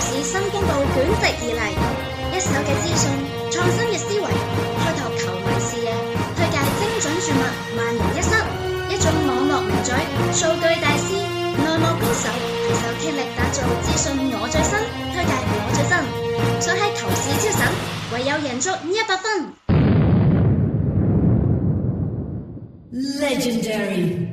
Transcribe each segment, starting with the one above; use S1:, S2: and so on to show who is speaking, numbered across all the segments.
S1: 是新公布捲席而嚟，一手嘅資訊，創新嘅思維，開拓球迷視野，推介精準注物，萬無一失。一種網絡名嘴，數據大師，內幕高手，攜手傾力打造資訊我最新，推介我最新，想喺投市超神，唯有贏足 100FUN。Legendary。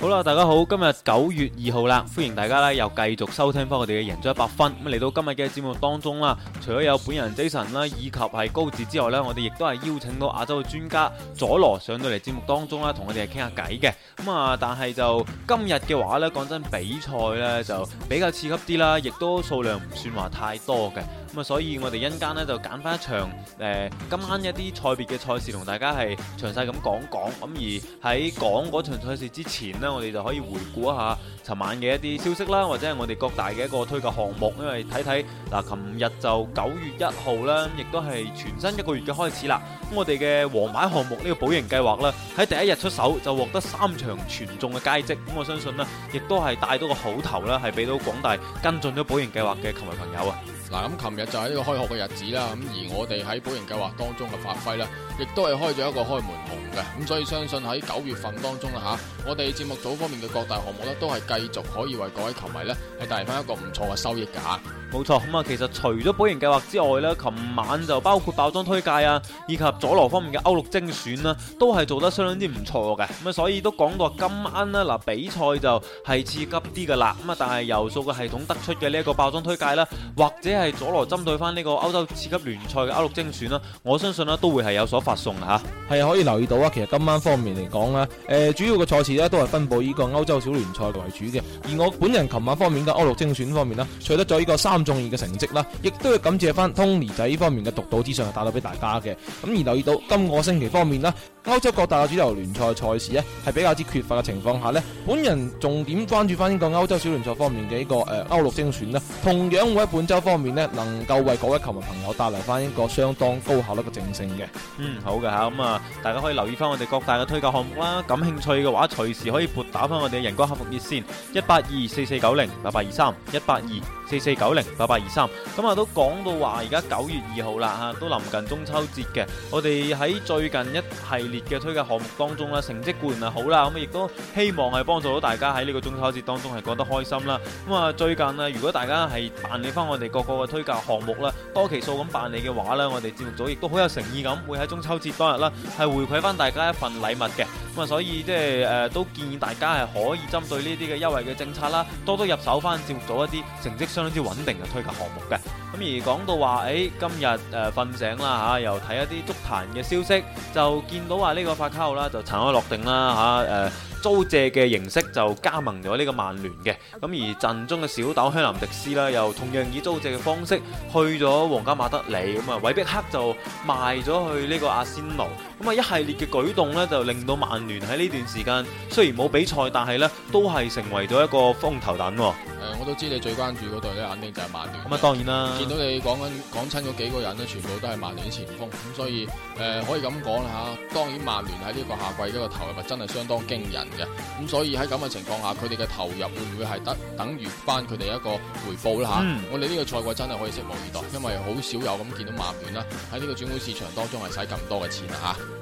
S1: 好啦，大家好，今日九月二號啦，歡迎大家咧又繼續收聽翻我哋嘅贏足一百分。咁嚟到今日嘅節目當中啦，除咗有本人 Jason 啦，以及係高志之外咧，我哋亦都係邀請到亞洲嘅專家佐羅上到嚟節目當中啦，同我哋係傾下偈嘅。咁啊，但係就今日嘅話咧，講真比賽咧就比較次級啲啦，亦都數量唔算話太多嘅。咁啊，所以我哋一陣間咧就揀翻一場誒，今晚一啲賽別嘅賽事同大家係詳細咁講講。咁而喺講嗰場賽事之前呢，我哋就可以回顧一下尋晚嘅一啲消息啦，或者係我哋各大嘅一個推介項目。因為睇睇嗱，琴日就九月一號啦，亦都係全新一個月嘅開始啦。咁我哋嘅黃牌項目呢個保營計劃呢，喺第一日出手就獲得三場全中嘅佳績。咁我相信呢，亦都係帶到個好頭啦，係俾到廣大跟進咗保營計劃嘅球迷朋友啊！嗱咁，琴日就係呢個開
S2: 學嘅日子啦，咁而我哋喺保盈計劃當中嘅發揮啦，亦都係開咗一個開門紅嘅，咁所以相信喺九月份當中啦吓，我哋節目組方面嘅各大項目咧，都係繼續可
S1: 以為各位球迷咧，係帶嚟翻一個唔錯嘅收益噶。冇錯，咁啊，其實除咗保營計劃之外呢，琴晚就包括爆裝推介啊，以及佐羅方面嘅歐陸精選啦，都係做得相當之唔錯嘅。咁啊，所以都講到今晚呢，嗱比賽就係次級啲嘅啦。咁啊，但係由數個系統得出嘅呢一個爆裝推介啦，或者係佐羅針對翻呢個歐洲次級聯賽嘅歐陸精選啦，我相信呢，都會係有所發送吓，
S3: 係可以留意到啊。其實今晚方面嚟講咧，誒主要嘅賽事呢，都係分布呢個歐洲小聯賽為主嘅。而我本人琴晚方面嘅歐陸精選方面啦，除得咗呢個三。咁中意嘅成績啦，亦都要感謝翻 Tony 仔呢方面嘅獨到之處，係打到俾大家嘅。咁而留意到今個星期方面啦。歐洲各大主流聯賽賽事咧，係比較之缺乏嘅情況下呢，本人重點關注翻呢個歐洲小聯賽方面嘅一個誒歐陸精選呢，同樣會喺本周方面呢，能夠為各位球迷朋友帶嚟翻一個相當高效率嘅正勝嘅。
S1: 嗯，好嘅吓，咁啊，大家可以留意翻我哋各大嘅推介項目啦，感興趣嘅話隨時可以撥打翻我哋嘅人工客服熱線一八二四四九零八八二三一八二四四九零八八二三，咁啊，都講到話而家九月二號啦吓，都臨、啊、近中秋節嘅，我哋喺最近一係。列嘅推介項目當中啦，成績固然係好啦，咁亦都希望係幫助到大家喺呢個中秋節當中係過得開心啦。咁啊，最近啊，如果大家係辦理翻我哋各個嘅推介項目啦，多期數咁辦理嘅話咧，我哋節目組亦都好有誠意咁，會喺中秋節當日啦，係回饋翻大家一份禮物嘅。咁啊，所以即係誒，都建議大家係可以針對呢啲嘅優惠嘅政策啦，多多入手翻接觸咗一啲成績相當之穩定嘅推介項目嘅。咁而講到話，誒今日誒瞓醒啦嚇，又睇一啲足壇嘅消息，就見到話呢個法卡奧啦，就塵埃落定啦嚇，誒。租借嘅形式就加盟咗呢個曼聯嘅，咁而陣中嘅小豆香南迪斯啦，又同樣以租借嘅方式去咗皇家馬德里，咁啊韋碧克就賣咗去呢個阿仙奴，咁啊一系列嘅舉動咧，就令到曼聯喺呢段時間雖然冇比賽，但係咧都係成為咗一個風頭躉誒、
S2: 哦嗯，我都知你最關注嗰隊咧，肯定就係曼聯。
S1: 咁啊，當然啦，見到你
S2: 講緊講親嗰幾個人咧，全部都係曼聯前鋒，咁所以誒、呃、可以咁講啦吓。當然曼聯喺呢個夏季嘅個投入係真係相當驚人。嘅，咁所以喺咁嘅情況下，佢哋嘅投入會唔會係得等於翻佢哋一個回報啦？嚇、嗯，我哋呢個賽季真係可以拭目以待，因為好少有咁見到曼聯啦，喺呢個轉會市場當中係使咁多嘅錢啦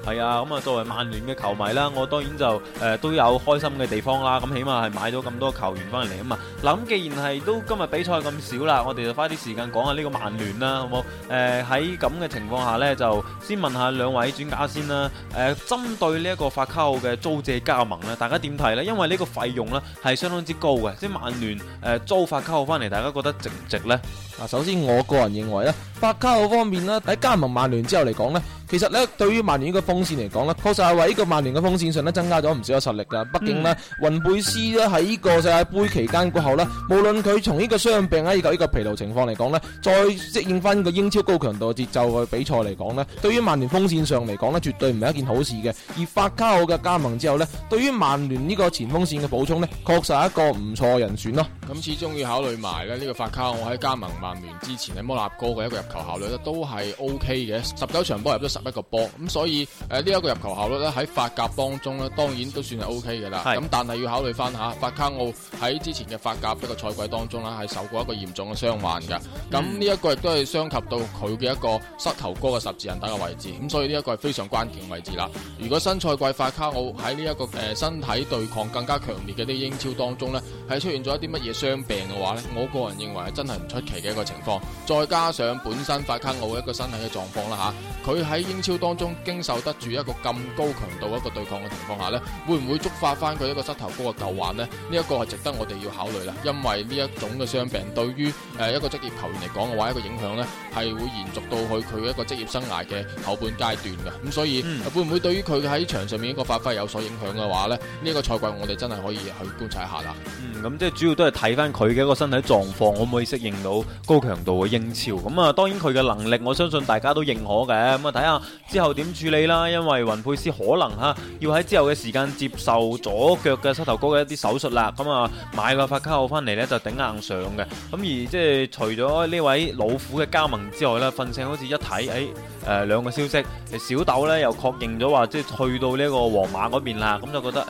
S1: 嚇。係啊，咁、嗯、啊作為曼聯嘅球迷啦，我當然就誒、呃、都有開心嘅地方啦，咁起碼係買咗咁多球員翻嚟啊嘛。嗱、嗯，咁既然係都今日比賽咁少啦，我哋就花啲時間講下呢個曼聯啦，好冇？誒喺咁嘅情況下咧，就先問下兩位專家先啦。誒、呃，針對呢一個法卡奧嘅租借加盟咧。大家點睇呢？因為呢個費用呢係相當之高嘅，即係曼聯誒、呃、租法卡奧翻嚟，大家覺得值唔值呢？嗱，首
S3: 先我個人認為咧。法卡奧方面呢，喺加盟曼聯之後嚟講呢，其實呢對於曼聯呢個鋒線嚟講呢確實係為呢個曼聯嘅鋒線上呢增加咗唔少嘅實力噶。畢竟呢，雲、嗯、貝斯呢喺呢個世界杯期間過後呢，無論佢從呢個傷病啊以及呢個疲勞情況嚟講呢，再適應翻呢個英超高強度嘅節奏嘅比賽嚟講呢，對於曼聯鋒線上嚟講呢絕對唔係一件好事嘅。而法卡奧嘅加盟之後呢，對於曼聯呢個前鋒線嘅補充呢確實係一個唔錯嘅人
S2: 選咯。咁始終要考慮埋呢個法卡奧喺加盟曼聯之前喺摩納哥嘅一個球效率咧都係 O K 嘅，十九場波入咗十一個波，咁所以誒呢一個入球效率咧喺法甲當中咧，當然都算係 O K 嘅啦。咁但係要考慮翻吓，法卡奧喺之前嘅法甲嘅一個賽季當中咧，係受過一個嚴重嘅傷患噶，咁、嗯、呢一個亦都係傷及到佢嘅一個膝頭哥嘅十字韌帶嘅位置。咁所以呢一個係非常關鍵位置啦。如果新賽季法卡奧喺呢一個誒身體對抗更加強烈嘅啲英超當中咧，係出現咗一啲乜嘢傷病嘅話咧，我個人認為係真係唔出奇嘅一個情況。再加上本新法卡奧一個身體嘅狀況啦吓，佢喺英超當中經受得住一個咁高強度一個對抗嘅情況下咧，會唔會觸發翻佢一個膝頭哥嘅舊患呢？呢、這、一個係值得我哋要考慮啦，因為呢一種嘅傷病對於誒一個職業球員嚟講嘅話，一個影響呢係會延續到去佢一個職業生涯嘅後半階段嘅，咁所以會唔會對於佢喺場上面一個發揮有所影響嘅話呢？呢、這個賽季我哋真係可以去觀察一下啦。嗯，
S1: 咁即係主要都係睇翻佢嘅一個身體狀況，可唔可以適應到高強度嘅英超？咁啊，當佢嘅能力，我相信大家都認可嘅。咁啊，睇下之後點處理啦。因為雲佩斯可能吓要喺之後嘅時間接受左腳嘅膝頭哥嘅一啲手術啦。咁啊，買個法卡奧翻嚟咧就頂硬上嘅。咁而即係除咗呢位老虎嘅加盟之外啦，瞓醒好似一睇，誒，誒，兩個消息，小豆咧又確認咗話即係去到呢個皇馬嗰邊啦。咁就覺得誒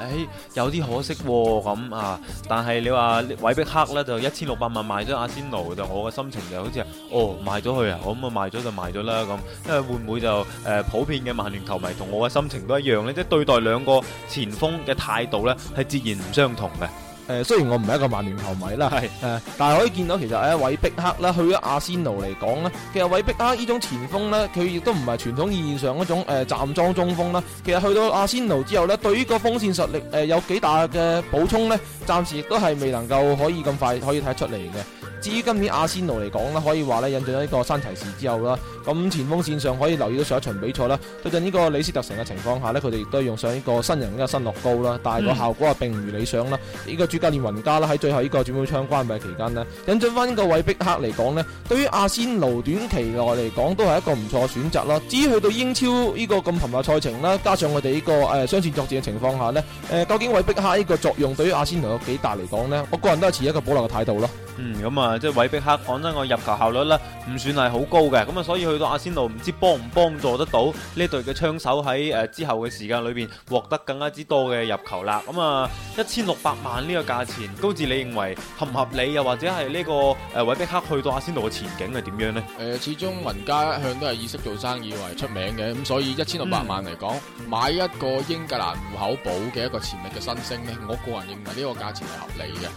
S1: 有啲可惜咁啊。但係你話韋碧克咧就一千六百萬賣咗阿仙奴，就我嘅心情就好似哦賣咗佢。咁、嗯、啊，賣咗就賣咗啦，咁，因為會唔會就誒、呃、普遍嘅曼聯球迷同我嘅心情都一樣呢？即係對待兩個前鋒嘅態度呢，係截然唔相同嘅。
S3: 誒、呃，雖然我唔係一個曼聯球迷啦，係誒、呃，但係可以見到其實誒韋碧克咧去咗阿仙奴嚟講呢。其實韋碧克呢種前鋒呢，佢亦都唔係傳統意義上嗰種誒、呃、站樁中鋒啦。其實去到阿仙奴之後呢，對於個鋒線實力誒有幾大嘅補充呢，暫時亦都係未能夠可以咁快可以睇出嚟嘅。至於今年阿仙奴嚟講咧，可以話呢，引進咗呢個山齊士之後啦。咁前鋒線上可以留意到上一場比賽啦。對陣呢個李斯特城嘅情況下呢，佢哋亦都用上呢個新人嘅新諾高啦。但係個效果啊並唔如理想啦。呢、這個主教練雲加啦，喺最後呢個轉會窗關閉期間呢，引進翻呢個韋碧克嚟講呢，對於阿仙奴短期內嚟講都係一個唔錯嘅選擇啦。至於去到英超呢個咁頻密賽程啦，加上我哋呢個誒、呃、雙線作戰嘅情況下呢，誒、呃、究竟韋碧克呢個作用對於阿仙奴有幾大嚟講呢？我個人都係持一個保留嘅態度咯。
S1: 嗯，咁啊，即係韋碧克，講真，我入球效率咧唔算係好高嘅。咁啊，所以去到阿仙奴唔知幫唔幫助得到呢隊嘅槍手喺誒、呃、之後嘅時間裏邊獲得更加之多嘅入球啦。咁、嗯、啊，一千六百萬呢個價錢，高智，你認為合唔合理？又或者係呢、這個誒韋碧克去到阿仙奴嘅前景係點樣呢？誒，始終雲
S2: 加一向都係以識做生意為出名嘅，咁所以一千六百萬嚟講、嗯，買一個英格蘭戶口簿嘅一個潛力嘅新星咧，我個人認為呢個價錢係合理嘅。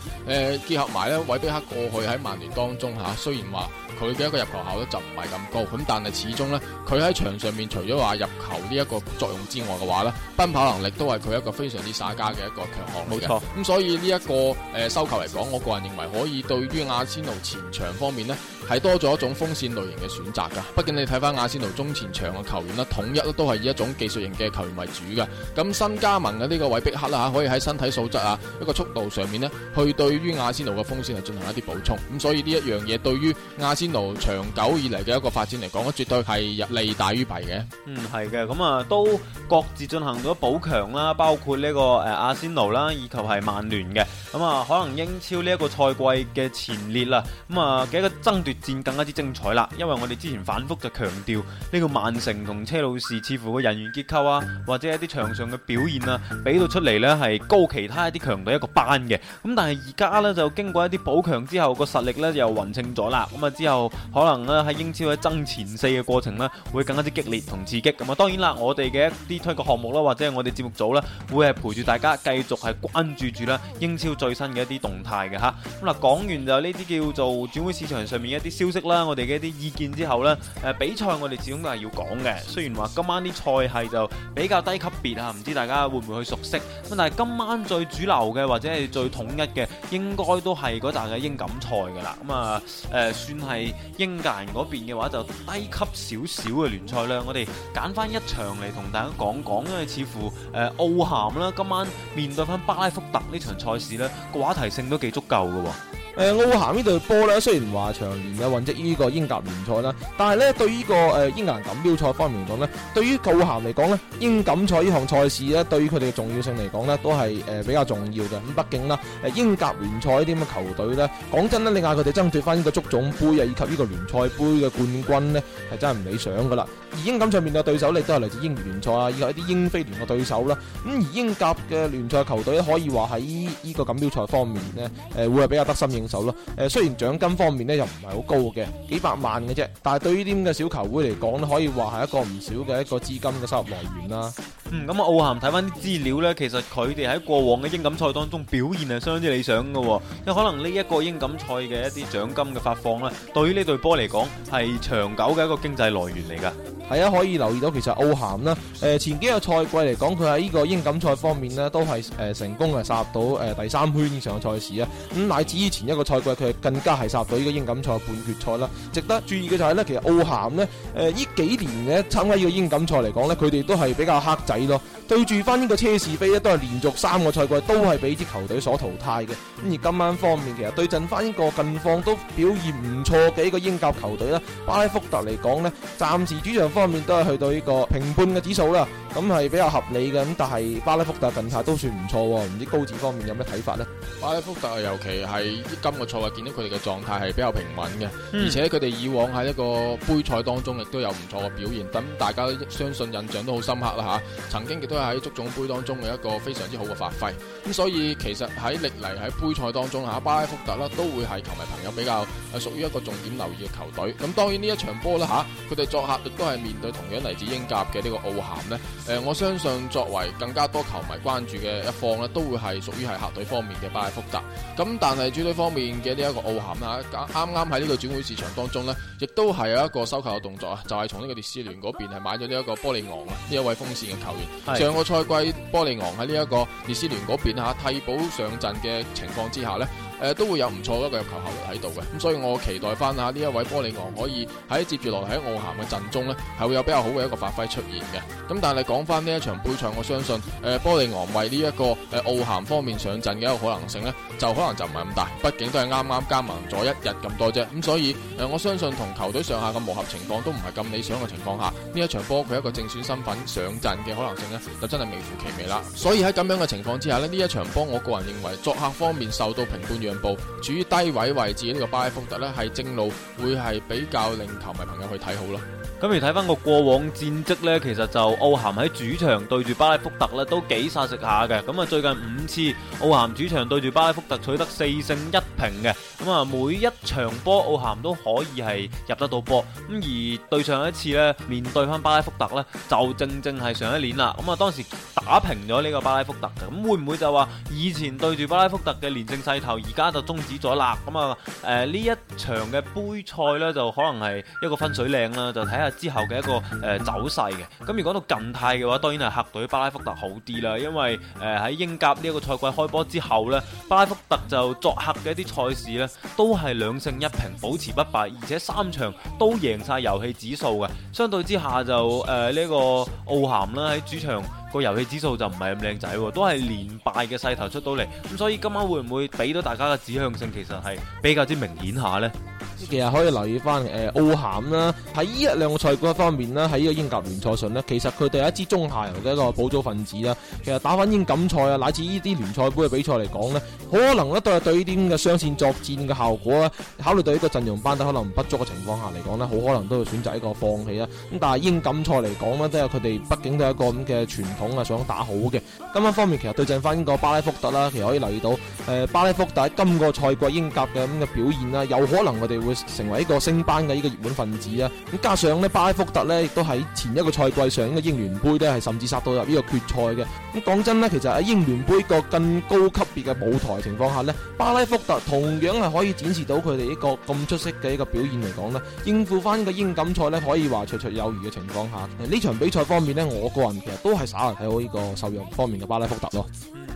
S2: 誒，結合埋咧韋碧克。過去喺曼聯當中吓，雖然話佢嘅一個入球效率就唔係咁高，咁但係始終呢，佢喺場上面除咗話入球呢一個作用之外嘅話呢，奔跑能力都係佢一個非常之耍家嘅一個強項。冇錯，咁、嗯、所以呢、這、一個誒、呃，收購嚟講，我個人認為可以對於阿仙奴前場方面呢，係多咗一種鋒線類型嘅選擇噶。畢竟你睇翻阿仙奴中前場嘅球員呢，統一都都係以一種技術型嘅球員為主嘅。咁、嗯、新加盟嘅呢個韋碧克啦吓、啊，可以喺身體素質啊，一個速度上面呢，去對於阿仙奴嘅鋒線嚟進行一啲補充。咁、嗯、所以呢一樣嘢，對於阿仙長久以嚟嘅一個發展嚟
S1: 講，絕對係利大於弊嘅。嗯，係嘅，咁、嗯、啊都各自進行咗補強啦，包括呢、這個誒阿仙奴啦，啊、Arsino, 以及係曼聯嘅。咁、嗯、啊，可能英超呢一個賽季嘅前列啦，咁、嗯、啊嘅一個爭奪戰更加之精彩啦。因為我哋之前反復就強調呢個曼城同車路士，似乎個人員結構啊，或者一啲場上嘅表現啊，俾到出嚟呢係高其他一啲強隊一個班嘅。咁、嗯、但係而家呢，就經過一啲補強之後，個實力呢，又勻稱咗啦。咁啊之後。可能咧喺英超嘅爭前四嘅過程呢，會更加之激烈同刺激咁啊！當然啦，我哋嘅一啲推介項目啦，或者係我哋節目組呢，會係陪住大家繼續係關注住啦英超最新嘅一啲動態嘅吓。咁嗱，講完就呢啲叫做轉會市場上面一啲消息啦，我哋嘅一啲意見之後呢，誒比賽我哋始終都係要講嘅。雖然話今晚啲賽係就比較低級別啊，唔知大家會唔會去熟悉咁。但係今晚最主流嘅或者係最統一嘅，應該都係嗰陣嘅英錦賽噶啦。咁啊，誒算係。英格蘭嗰邊嘅話就低級少少嘅聯賽啦，我哋揀翻一場嚟同大家講講，因為似乎誒奧咸啦，今晚面對翻巴拉福特呢場賽事咧，個話題性都幾足夠㗎。
S3: 誒、呃，奧咸呢隊波咧，雖然話常年嘅混跡於呢個英格聯賽啦，但係咧對呢、這個誒、呃、英格蘭錦標賽方面講呢，對於奧咸嚟講呢，英錦賽呢項賽事呢，對於佢哋嘅重要性嚟講呢，都係誒、呃、比較重要嘅。咁畢竟啦，誒英格聯賽呢啲咁嘅球隊呢，講真呢，你嗌佢哋爭奪翻呢個足總盃啊，以及呢個聯賽盃嘅冠軍呢，係真係唔理想噶啦。而英錦賽上面嘅對手呢，都係嚟自英聯賽啊，以及一啲英非聯嘅對手啦。咁而英格嘅聯賽球隊可以話喺呢個錦標賽方面呢，誒、呃、會係比較得心應。手咯，誒，雖然獎金方面咧又唔係好高嘅，幾百萬嘅啫，但係對於啲咁嘅小球會嚟講咧，可以話係一個唔少嘅一個資金嘅收入來源啦。
S1: 嗯，咁啊，奧涵睇翻啲資料咧，其實佢哋喺過往嘅英錦賽當中表現係相當之理想噶，因為可能呢一個英錦賽嘅一啲獎金嘅發放咧，對於呢隊波嚟講係長久嘅一個經濟來源嚟噶。
S3: 大家可以留意到，其實奧咸啦，誒、呃，前幾個賽季嚟講，佢喺呢個英錦賽方面呢，都係誒、呃、成功誒殺到誒、呃、第三圈以上嘅賽事啊。咁乃至以前一個賽季，佢更加係殺到呢個英錦賽半決賽啦、啊。值得注意嘅就係呢，其實奧咸、呃、呢，誒呢幾年嘅參加呢個英錦賽嚟講呢，佢哋都係比較黑仔咯、啊。對住翻呢個車士飛呢，都係連續三個賽季都係俾啲球隊所淘汰嘅。咁、啊、而今晚方面，其實對陣翻呢個近況都表現唔錯嘅一個英甲球隊啦，巴、啊、利福特嚟講呢，暫時主場方。方面都係去到呢個平半嘅指數啦，咁、嗯、係比較合理嘅，咁但係巴拉福特近排都算唔錯、哦，唔知高志方面有咩睇法咧？
S2: 巴拉福特尤其係今個賽季見到佢哋嘅狀態係比較平穩嘅、嗯，而且佢哋以往喺一個杯賽當中亦都有唔錯嘅表現，咁大家相信印象都好深刻啦吓、啊，曾經亦都係喺足總杯當中嘅一個非常之好嘅發揮，咁所以其實喺歷嚟喺杯賽當中吓，巴拉福特啦、啊、都會係球迷朋友比較誒屬於一個重點留意嘅球隊，咁當然呢一場波啦吓，佢、啊、哋作客亦都係面對同樣嚟自英甲嘅呢個奧咸呢，誒，我相信作為更加多球迷關注嘅一方咧，都會係屬於係客隊方面嘅巴列福特。咁但係主隊方面嘅呢一個奧咸啦，啱啱喺呢個轉會市場當中呢，亦都係有一個收購嘅動作啊，就係從呢個列斯聯嗰邊係買咗呢一個波利昂啊呢一位鋒線嘅球員。上個賽季波利昂喺呢一個列斯聯嗰邊吓替補上陣嘅情況之下呢。誒都會有唔錯一個入球效率喺度嘅，咁所以我期待翻下呢一位波利昂可以喺接住落嚟喺奧咸嘅陣中呢，係會有比較好嘅一個發揮出現嘅。咁但係講翻呢一場盃賽，我相信誒、呃、波利昂為呢、這、一個誒奧咸方面上陣嘅一個可能性呢，就可能就唔係咁大，畢竟都係啱啱加盟咗一日咁多啫。咁所以、呃、我相信同球隊上下嘅磨合情況都唔係咁理想嘅情況下，呢一場波佢一個正選身份上陣嘅可能性呢，就真係微乎其微啦。所以喺咁樣嘅情況之下呢，呢一場波我個人認為作客方面受到評判部處於低位位置，呢個巴拉福特呢，係正路會係比較令球迷朋友去睇好啦。
S1: 咁而睇翻個過往戰績呢，其實就奧咸喺主場對住巴拉福特呢都幾殺食下嘅。咁啊，最近五次奧咸主場對住巴拉福特取得四勝一平嘅。咁啊，每一場波奧咸都可以係入得到波。咁而對上一次呢，面對翻巴拉福特呢，就正正係上一年啦。咁啊，當時，打平咗呢個巴拉福特嘅，咁會唔會就話以前對住巴拉福特嘅連勝勢頭，而家就終止咗啦？咁、呃、啊，誒呢一場嘅杯賽呢，就可能係一個分水嶺啦，就睇下之後嘅一個誒、呃、走勢嘅。咁如果講到近態嘅話，當然係客隊巴拉福特好啲啦，因為誒喺、呃、英甲呢個賽季開波之後呢，巴拉福特就作客嘅一啲賽事呢，都係兩勝一平，保持不敗，而且三場都贏晒遊戲指數嘅。相對之下就誒、呃這個、呢個奧咸啦，喺主場個遊戲指數就唔係咁靚仔喎，都係連敗嘅勢頭出到嚟，咁所以今晚會唔會俾到大家嘅指向性其實係比較之明顯下呢？
S3: 其實可以留意翻誒奧咸啦，喺呢一兩個賽季方面啦，喺呢個英格聯賽上呢，其實佢哋係一支中下游嘅一個補足分子啦。其實打翻英錦賽啊，乃至呢啲聯賽杯嘅比賽嚟講咧，可能咧都係對呢啲咁嘅雙線作戰嘅效果啊，考慮到呢個陣容班底可能不足嘅情況下嚟講呢，好可能都會選擇一個放棄啊。咁但係英錦賽嚟講呢，都有佢哋畢竟都係一個咁嘅傳統啊，想打好嘅。今晚方面其實對陣翻呢個巴利福特啦，其實可以留意到誒、呃、巴利福特喺今個賽季英格嘅咁嘅表現啦，有可能佢哋會。成為一個升班嘅呢個熱門分子啊！咁加上呢，巴拉福特呢亦都喺前一個賽季上嘅英聯杯呢，係甚至殺到入呢個決賽嘅。咁、啊、講真呢，其實喺英聯杯個更高級別嘅舞台情況下呢，巴拉福特同樣係可以展示到佢哋一個咁出色嘅一個表現嚟講咧，應付翻呢個英錦賽呢，可以話綽綽有餘嘅情況下，呢、啊、場比賽方面呢，我個人其實都係稍為睇好呢個受讓方面嘅巴拉福特咯。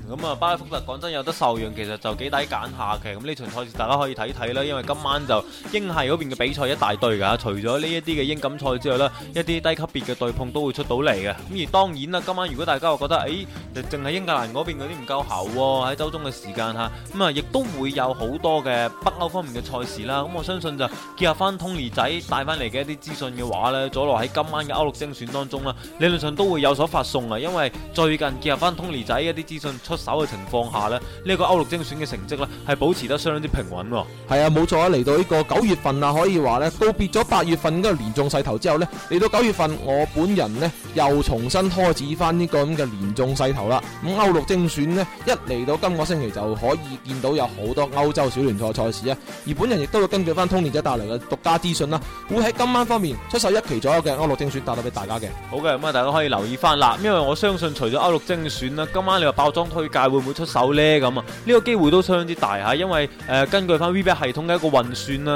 S1: 咁、嗯、啊，巴拉福特講真有得受讓，其實就幾抵揀下嘅。咁呢場賽事大家可以睇睇啦，因為今晚就。英係嗰邊嘅比賽一大堆噶，除咗呢一啲嘅英錦賽之外咧，一啲低級別嘅對碰都會出到嚟嘅。咁而當然啦，今晚如果大家又覺得誒，淨、哎、係英格蘭嗰邊嗰啲唔夠喉喺周中嘅時間吓，咁啊亦都會有好多嘅北歐方面嘅賽事啦。咁我相信就結合翻 Tony 仔帶翻嚟嘅一啲資訊嘅話咧，佐羅喺今晚嘅歐陸精選當中啦，理論上都會有所發送啊。因為最近結合翻 Tony 仔的一啲資訊出手嘅情況下咧，呢、呢個歐陸精選嘅成績咧係保持得相當之平穩。
S3: 係啊，冇錯啊，嚟到呢、呢個。九月份啊，可以話咧告別咗八月份嗰個連中勢頭之後呢，嚟到九月份，我本人呢又重新開始翻呢個咁嘅連中勢頭啦。咁歐陸精選呢一嚟到今個星期就可以見到有好多歐洲小聯賽賽事啊。而本人亦都會根據翻通年者帶嚟嘅獨家資訊啦，會喺今晚方面出售一期左右嘅歐陸精選，帶到俾大家嘅。
S1: 好嘅，咁啊，大家可以留意翻啦。因為我相信除咗歐陸精選啦，今晚你話包裝推介會唔會出手呢？咁啊，呢個機會都相當之大吓，因為誒根據翻 VBA 系統嘅一個運算啦。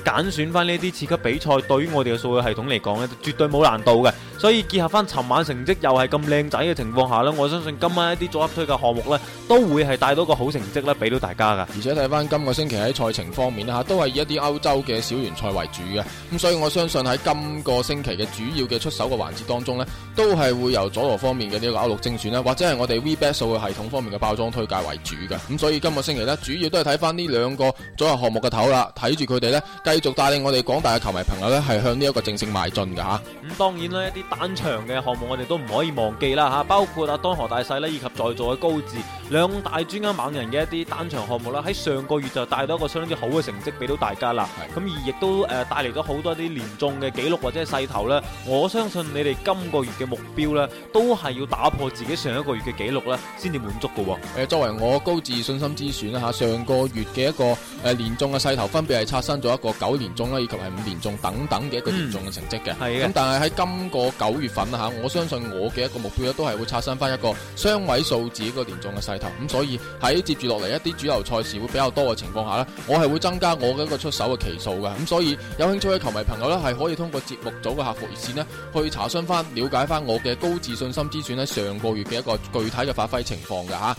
S1: 揀選翻呢啲次級比賽，對於我哋嘅數據系統嚟講呢絕對冇難度嘅。所以結合翻尋晚成績又係咁靚仔嘅情況下呢，我相信今晚一啲組合推介項目呢，都會係帶到一個好成績咧，俾到大家噶。而且睇翻今個星期
S2: 喺賽程方面咧，吓都係以一啲歐洲嘅小元賽為主嘅。咁所以我相信喺今個星期嘅主要嘅出手嘅環節當中呢，都係會由佐羅方面嘅呢個歐陸精選啦，或者係我哋 V Bet 數據系統方面嘅包裝推介為主嘅。咁所以今個星期呢，主要都係睇翻呢兩個組合項目嘅頭啦，睇住佢哋呢。繼續帶領我哋廣大嘅球迷朋友咧，係向呢一個正勝邁進嘅吓。咁、
S1: 嗯、當然啦，一啲單場嘅項目，我哋都唔可以忘記啦吓，包括阿、啊、當河大細咧，以及在座嘅高志。兩大專家猛人嘅一啲單場項目啦，喺上個月就帶到一個相當之好嘅成績俾到大家啦，咁而亦都誒帶嚟咗好多啲連中嘅記錄或者係勢頭咧。我相信你哋今個月嘅目標咧，都係要打破自己上一個月嘅記錄咧，先至滿足嘅喎、
S2: 誒。作為我高自信心之選啦嚇，上個月嘅一個誒連中嘅勢頭分別係刷新咗一個九年中啦，以及係五年中等等嘅一個連中嘅成績嘅。係、嗯、咁但係喺今個九月份啊嚇我相信我嘅一個目標咧，都係會刷新翻一個雙位數字嘅一個連中嘅勢頭。咁、嗯、所以喺接住落嚟一啲主流賽事會比較多嘅情況下呢，我係會增加我嘅一個出手嘅期數嘅。咁、嗯、所以有興趣嘅球迷朋友呢，係可以通過節目組嘅客服熱線呢，去查詢翻、了解翻我嘅高自信心之選呢，上個月嘅一個具體
S1: 嘅發揮情況嘅吓。啊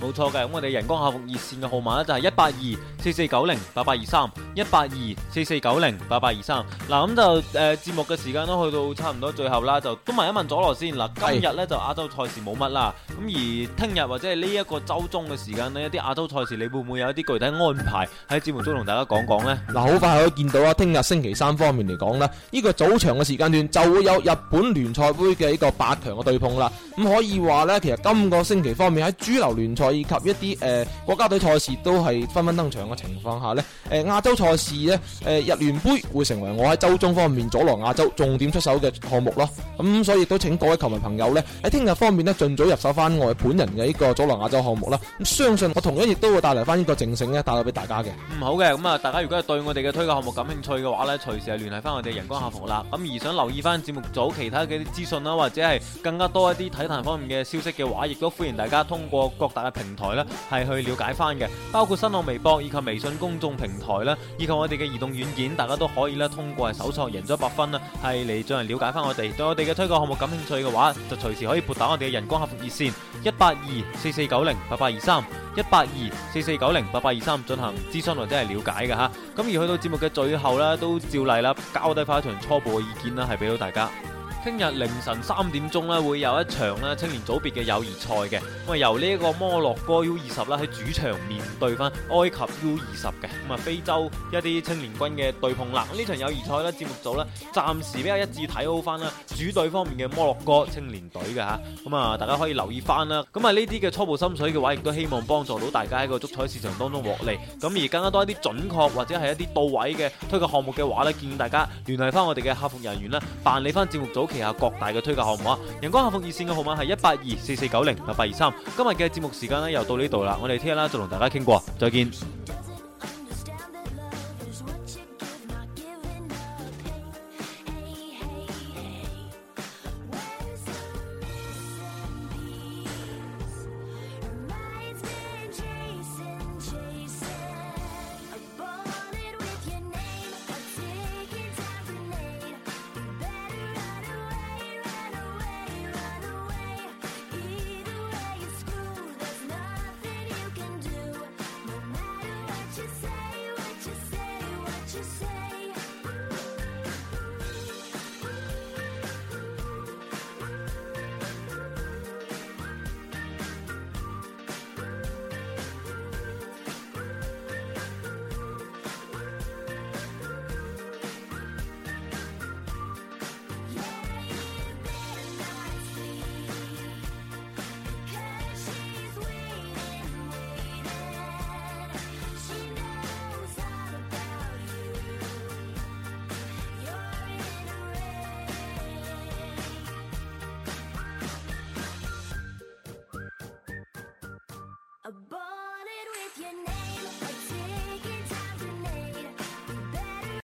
S1: 冇錯嘅，咁我哋人工客服熱線嘅號碼呢就係一八二四四九零八八二三，一八二四四九零八八二三。嗱，咁就誒節目嘅時間都去到差唔多最後啦，就都問一問佐羅先。嗱，今日呢就亞洲賽事冇乜啦，咁而聽日或者係呢一個周中嘅時間呢，一啲亞洲賽事你會唔會有一啲具體安排喺節目中同大家講講呢？嗱、啊，好
S3: 快可以見到啦，聽日星期三方面嚟講呢，呢、呢個早場嘅時間段就會有日本聯賽杯嘅呢個八強嘅對碰啦。咁可以話呢，其實今個星期方面喺主流聯賽。以及一啲誒、呃、國家隊賽事都係紛紛登場嘅情況下呢誒、呃、亞洲賽事呢誒、呃、日聯杯會成為我喺周中方面佐羅亞洲重點出手嘅項目咯。咁、嗯、所以也都請各位球迷朋友呢，喺聽日方面呢，盡早入手翻我本人嘅呢個佐羅亞洲項目啦。咁、嗯、相信我同樣亦都會帶嚟翻呢個正勝呢，帶到俾大家嘅。
S1: 嗯，好嘅，咁、嗯、啊，大家如果係對我哋嘅推介項目感興趣嘅話呢，隨時係聯繫翻我哋嘅人工客服啦。咁、嗯、而想留意翻節目組其他嘅啲資訊啦，或者係更加多一啲體壇方面嘅消息嘅話，亦都歡迎大家通過各大嘅，平台咧，係去了解翻嘅，包括新浪微博以及微信公眾平台啦，以及我哋嘅移動軟件，大家都可以咧，通過係搜索贏足 100FUN 啊，係嚟進行了解翻我哋。對我哋嘅推廣項目感興趣嘅話，就隨時可以撥打我哋嘅人工客服熱線一八二四四九零八八二三一八二四四九零八八二三進行諮詢或者係了解嘅吓。咁而去到節目嘅最後呢，都照例啦，交低翻一場初步嘅意見啦，係俾到大家。聽日凌晨三點鐘咧會有一場咧青年組別嘅友誼賽嘅，咁啊由呢一個摩洛哥 U 二十啦喺主場面對翻埃及 U 二十嘅，咁啊非洲一啲青年軍嘅對碰啦，呢場友誼賽咧，節目組咧暫時比較一致睇好翻啦，主隊方面嘅摩洛哥青年隊嘅吓，咁啊大家可以留意翻啦，咁啊呢啲嘅初步心水嘅話，亦都希望幫助到大家喺個足彩市場當中獲利，咁而更加多一啲準確或者係一啲到位嘅推介項目嘅話咧，建議大家聯繫翻我哋嘅客服人員啦，辦理翻節目組。下各大嘅推介項目啊，人工客服熱線嘅號碼係一八二四四九零八八二三。今日嘅節目時間呢又到呢度啦，我哋聽日咧就同大家傾過，再見。